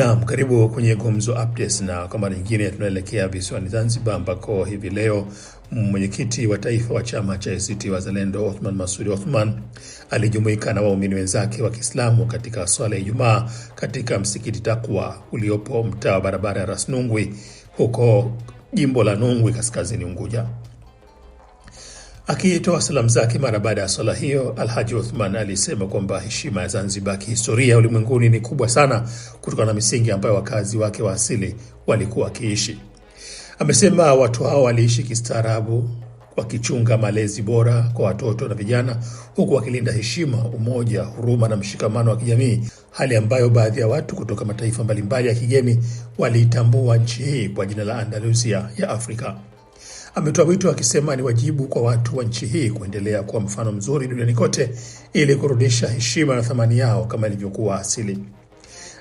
Naam, karibu kwenye Gumzo Updates na kwa mara nyingine tunaelekea visiwani Zanzibar ambako hivi leo mwenyekiti wa taifa wa chama cha ACT Wazalendo Othman masudi Othman alijumuika na waumini wenzake wa Kiislamu katika swala ya Ijumaa katika msikiti takwa uliopo mtaa wa barabara ya Rasnungwi huko jimbo la Nungwi kaskazini Unguja. Akitoa salamu zake mara baada ya swala hiyo, Alhaji uthman alisema kwamba heshima ya Zanzibar kihistoria ulimwenguni ni kubwa sana kutokana na misingi ambayo wakazi wake wa asili walikuwa wakiishi. Amesema watu hao waliishi kistaarabu, wakichunga malezi bora kwa watoto na vijana, huku wakilinda heshima, umoja, huruma na mshikamano wa kijamii, hali ambayo baadhi ya watu kutoka mataifa mbalimbali ya kigeni waliitambua nchi hii kwa jina la Andalusia ya Afrika ametoa wito akisema ni wajibu kwa watu wa nchi hii kuendelea kuwa mfano mzuri duniani kote ili kurudisha heshima na thamani yao kama ilivyokuwa asili.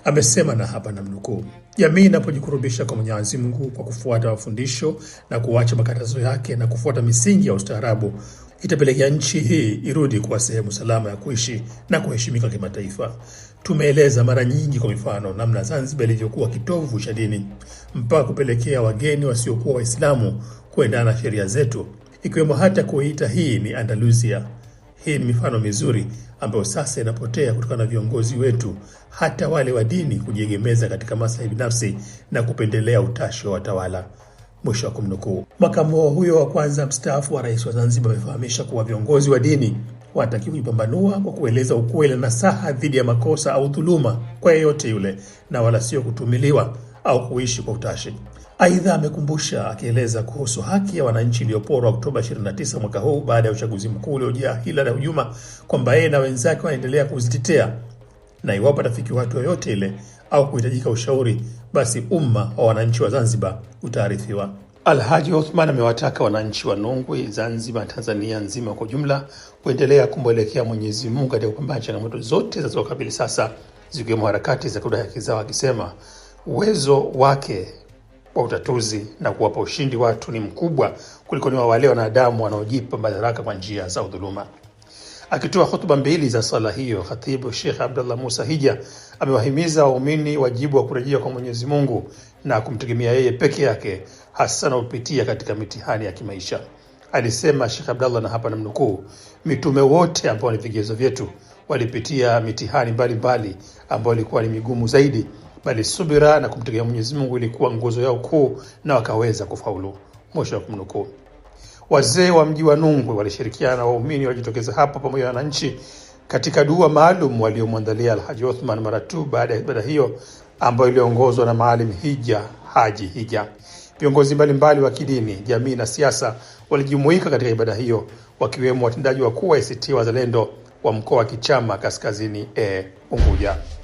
Amesema na hapa namnukuu, jamii inapojikurubisha kwa Mwenyezi Mungu kwa kufuata mafundisho na kuacha makatazo yake na kufuata misingi ya ustaarabu, itapelekea nchi hii irudi kuwa sehemu salama ya kuishi na kuheshimika kimataifa. Tumeeleza mara nyingi kwa mifano namna Zanzibar ilivyokuwa kitovu cha dini mpaka kupelekea wageni wasiokuwa Waislamu kuendana na sheria zetu, ikiwemo hata kuiita hii ni Andalusia. Hii ni mifano mizuri ambayo sasa inapotea kutokana na viongozi wetu, hata wale wa dini, kujiegemeza katika maslahi binafsi na kupendelea utashi wa watawala. Mwisho wa kumnukuu. Makamu huyo wa kwanza mstaafu wa rais wa Zanzibar amefahamisha kuwa viongozi wa dini watakiwa kujipambanua kwa kueleza ukweli na saha dhidi ya makosa au dhuluma kwa yeyote yule, na wala sio kutumiliwa au kuishi kwa utashi. Aidha, amekumbusha akieleza kuhusu haki ya wananchi iliyoporwa Oktoba 29 mwaka huu baada ya uchaguzi mkuu uliojaa hila na hujuma, kwamba yeye na wenzake wanaendelea kuzitetea na iwapo atafikiwa watu yoyote ile au kuhitajika ushauri, basi umma wa wananchi wa Zanzibar utaarifiwa. Alhaji Othman amewataka wananchi wa nungwi Zanzibar, Tanzania nzima kwa ujumla kuendelea kumwelekea Mwenyezi Mungu katika kupambana changamoto zote zinazokabili sasa, zikiwemo harakati za kudai haki zao, akisema uwezo wake wa utatuzi na kuwapa ushindi watu ni mkubwa kuliko ni wa wale wanadamu wanaojipa madaraka kwa njia za udhuluma. Akitoa hutuba mbili za sala hiyo, khatibu Sheikh Abdullah Musa Hija amewahimiza waumini wajibu wa kurejea kwa Mwenyezi Mungu na kumtegemea yeye peke yake, hasa upitia katika mitihani ya kimaisha. Alisema Sheikh Abdallah, na hapa namnukuu, mitume wote ambao ni vigezo vyetu walipitia mitihani mbalimbali ambayo ilikuwa ni migumu zaidi, bali subira na kumtegemea Mwenyezi Mungu ilikuwa nguzo yao kuu na wakaweza kufaulu. Mwisho wa kumnukuu. Wazee wa mji wa Nungwe walishirikiana na waumini waliojitokeza hapo pamoja na wananchi katika dua maalum waliomwandalia Alhaji Othman mara tu baada ya ibada hiyo ambayo iliongozwa na Maalim Hija Haji Hija. Viongozi mbalimbali wa kidini, jamii na siasa walijumuika katika ibada hiyo, wakiwemo watendaji wakuu wa ACT Wazalendo wa mkoa wa Kichama Kaskazini e Unguja.